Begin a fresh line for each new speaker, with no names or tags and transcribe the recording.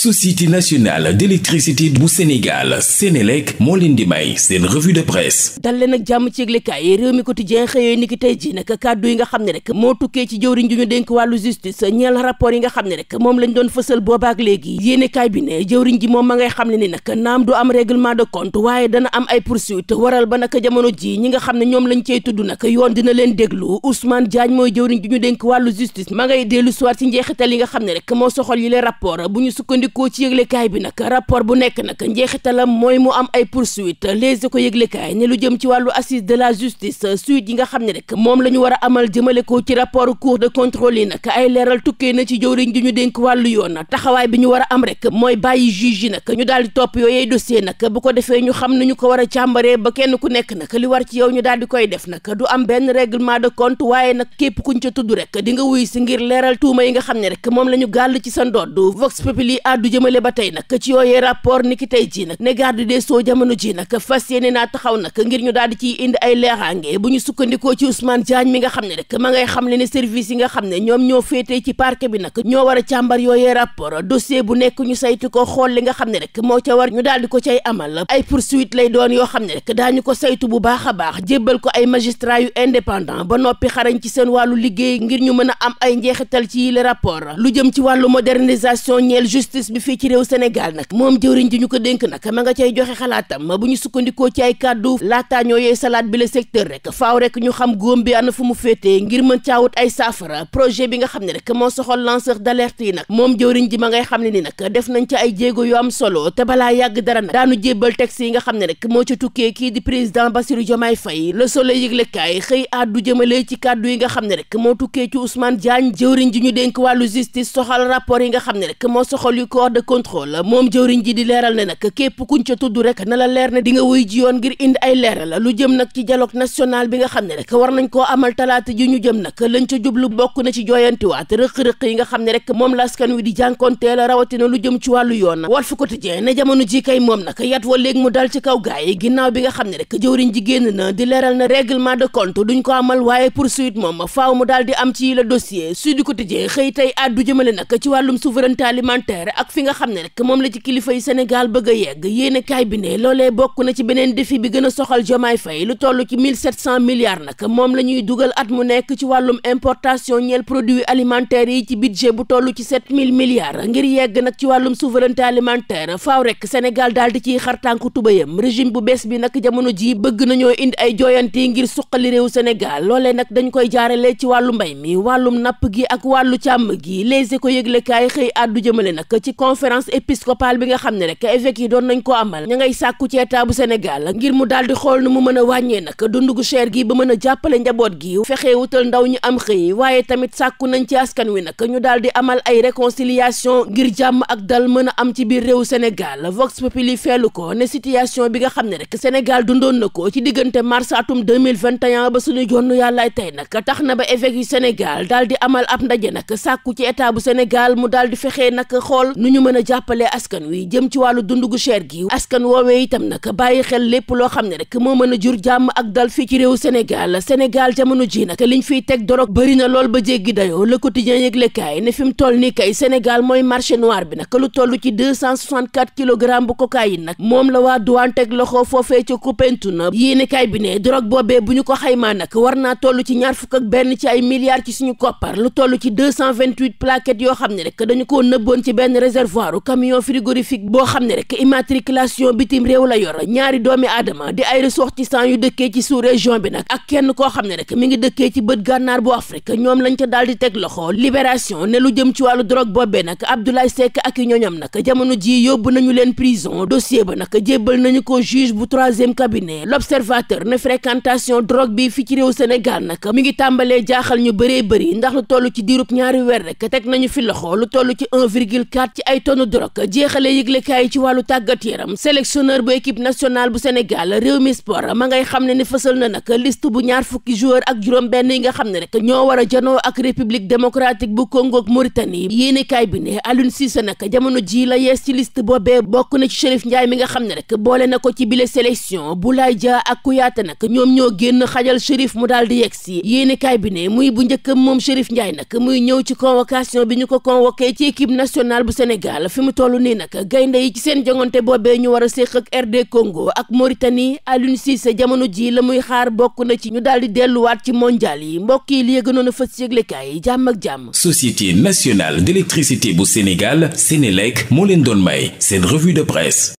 société nationale d'électricité bu Sénégal Sénélec moo leen di may seen revue de presse dal leen ak jàmm ci yi réew mi quotidien xëyee ni yi nga xam ne rek moo tukkee ci jëwriñ ju ñu dénk wàllu justice ñeel rapport yi nga xam ne rek moom lañ doon fësal boobaak léegi yéenekaay bi ne jëwriñ ji moom ma ngay xam ne ni nag naam du am règlement de compte waaye dana am ay poursuite waral ba nag jamono ji ñi nga xam ne ñoom lañ cey tudd nag yoon dina leen déglu Ousmane Diagne mooy jëwriñ ju ñu dénk wàllu justice ma ngay dellu soir nga xam ne rek moo soxol yi le rapport bu sukkandikoo ci yëglekaay bi nag rapport bu nekk nag njeexitalam mooy mu am ay poursuite les ko yëglekaay ne lu jëm ci wàllu assise de la justice suite yi nga xam ne rek moom lañu ñu war a amal jëmale ko ci rapport cour de contrôle yi nag ay leeral tukkee na ci jëwriñ ji ñu dénk wàllu yoon taxawaay bi ñu war a am rek mooy bàyyi juge yi nag ñu daal di topp yooyey dossier nag bu ko defee ñu xam nañu ko war a càmbaree ba kenn ku nekk nag li war ci yow ñu daal di koy def nag du am benn règlement de compte waaye nag képp kuñ ca tudd rek di nga wuy si ngir leeral tuuma yi nga xam ne rek moom la ñu gàll ci sa ndodd vox du jëmale ba tey nag ci yooyee rapport ni ki tey ji nag ne garde des sceaux jamono ji nag fas yéene naa taxaw nag ngir ñu daal di ciy indi ay leeraange bu ñu sukkandikoo ci Ousmane Diagne mi nga ne rek ma ngay xam le ne service yi nga xam ne ñoom ñoo féetee ci parquet bi nag ñoo war a càmbar yooyee rapport dossier bu nekk saytu ko xool li nga xam ne rek moo ca war ñu daal di ko cay amal ay poursuite lay doon yoo xam ne rek daañu ko saytu bu baax a baax jébbal ko ay magistrat yu indépendant ba noppi xarañ ci seen wàllu liggéey ngir ñu mën a am ay njeexital ci yile rapport lu jëm ci wàllu modernisation ñeel justice presse bi fii ci réew Sénégal nag moom jëwriñ ji ñu ko dénk nag ma nga cay joxe xalaatam bu ñu sukkandikoo ci ay kàddu laataa ñoo yee salaat bi le secteur rek faaw rek ñu xam góom bi ana fu mu féetee ngir mën caawut ay saafara projet bi nga xam ne rek moo soxol lanceur d'alerte yi nag moom jëwriñ ji ma ngay xam ne ni nag def nañ ay jéego yu am solo te balaa yàgg dara nag daanu jébbal texte yi nga xam ne rek moo ci tukkee kii di président Bassirou Diomaye Faye Le Soleil yëglekaay xëy àddu jëmale ci kàddu yi nga xam ne rek moo tukkee ci Ousmane Diagne jëwriñ ji ñu dénk wàllu justice soxal rapport yi nga xam ne rek moo soxal yu ko corps de contrôle moom jëwriñ ji di leeral ne nag képp kuñ ca tudd rek na la leer ne di nga wuy ji yoon ngir indi ay leeral lu jëm nag ci dialogue national bi nga xam bokk na ci jooyantiwaat rëq-rëq yi nga xam ne rek moom la askan wi di jànkonteel rawatina lu jëm ci wàllu yoon Walf Quotidien ne jamono ji moom nag yat wa léegi mu dal ci kaw gaay yi ginnaaw bi nga xam ne rek jëwriñ ji génn na di leeral na règlement de compte duñ ko amal waaye poursuite moom fi nga xam ne rek moom la ci kilifa yi Sénégal bëgg a yegg yéene bi ne loolee bokk na ci beneen defi bi gën a soxal Jomaay Fay lu toll ci mille sept cent milliards nag moom la ñuy dugal at mu nekk ci wàllum importation ñeel produit alimentaire yi ci budget bu toll ci sept mille milliards ngir yegg nag ci wàllum souveraineté alimentaire faaw rek Sénégal daal di ciy xartànku tubayam régime bu bees bi nag jamono ji bëgg nañoo indi ay yi ngir suqali réew Sénégal loolee nag dañ koy jaarale ci wàllu mbay mi wàllum napp gi ak wàllu càmm gi les éco yëglekaay xëy àddu jëmale nag ci conférence épiscopale bi nga xam ne rek évêque yi doon nañ ko amal ña ngay sàkku ci état bu Sénégal ngir mu daal di xool nu mu mën a wàññee nag dund gu cher gi ba mën a jàppale njaboot gi fexee wutal ndaw ñu am xëy waaye tamit sàkku nañ ci askan wi nag ñu daal di amal ay réconciliation ngir jàmm ak dal mën a am ci biir réew Sénégal Vox Populi feelu ko ne situation bi nga xam ne rek Sénégal dundoon na ko ci diggante mars atum 2021 ba suñu jonn yàllaay tey nag tax na ba évêque Sénégal daal di amal ab ndaje nag sàkku ci état bu Sénégal mu daal di fexee nag xool nu ñu mën a jàppalee askan wi jëm ci wàllu dund gu cher gi askan woowee itam nag bàyyi xel lépp loo xam ne rek moo mën a jur jàmm ak dal fii ci réew Sénégal Sénégal jamono ji nag liñ fiy teg dorog bëri na lool ba jéggi dayoo le quotidien yëglekaay ne fi mu toll nii kay Sénégal mooy marché noir bi nag lu toll ci deux cent soixante quatre kilogrammes bu cocaïne nag moom la waa douane teg loxo foofee ci Koupentouna yéenekaay bi ne dorog boobee bu ñu ko xaymaa nag war naa toll ci ñaar fukk benn ci ay milliards ci suñu lu toll ci deux cent vingt huit plaquettes yoo xam ne dañu ko nëbboon ci benn réservoir camion frigorifique boo xam ne rek immatriculation bitim réew la yor ñaari doomi aadama di ay ressortissants yu dëkkee ci sous région bi nag ak kenn koo xam ne rek mi ngi dëkkee ci bët gànnaar bu Afrique ñoom lañ ca daal di teg loxo libération ne lu jëm ci wàllu drogue boobee nag Abdoulaye Seck ak i ñooñam nag jamono ji yóbbu nañu leen prison dossier ba nag jébbal nañu ko juge bu troisième cabinet l'observateur ne fréquentation drogue bi fi ci réew Sénégal nag mi ngi tàmbalee jaaxal ñu bëree bëri ndax lu toll ci diirub ñaari weer rek teg nañu fi loxo lu toll ci 1 ci ay tonne drogue jeexale yëglekaay yi ci wàllu tàggat yaram sélectionneur bu équipe nationale bu Sénégal réew mi sport ma ngay xam ne ni fësal na nag liste bu ñaar fukki joueur ak juróom benn yi nga xam ne rek ñoo war a janoo ak république démocratique bu Congo ak Mauritanie yéenekaay bi ne Aliou Cissé nag jamono ji la yees ci liste boobee bokk na ci Chérif Ndiaye mi nga xam ne rek boole na ko ci bile sélection Boulaye Dia ak Kouyaté nag ñoom ñoo génn xajal Chérif mu daal di yegg si yéenekaay bi ne muy bu njëkkam moom Chérif Ndiaye nag muy ñëw ci convocation bi ñu ko convoqué ci équipe nationale Sénégal fi mu toll nii nag gaynde yi ci seen jongante boobee ñu war a séq ak RD Congo ak Mauritanie Aliou Cissé jamono ji la muy xaar bokk na ci ñu daal di delluwaat ci mondial yi mbokk yi li yëgënoon a fës yëglekaay yi jàmm ak jàmm. Société nationale d'électricité bu Sénégal Sénélec moo leen doon may seen revue de presse.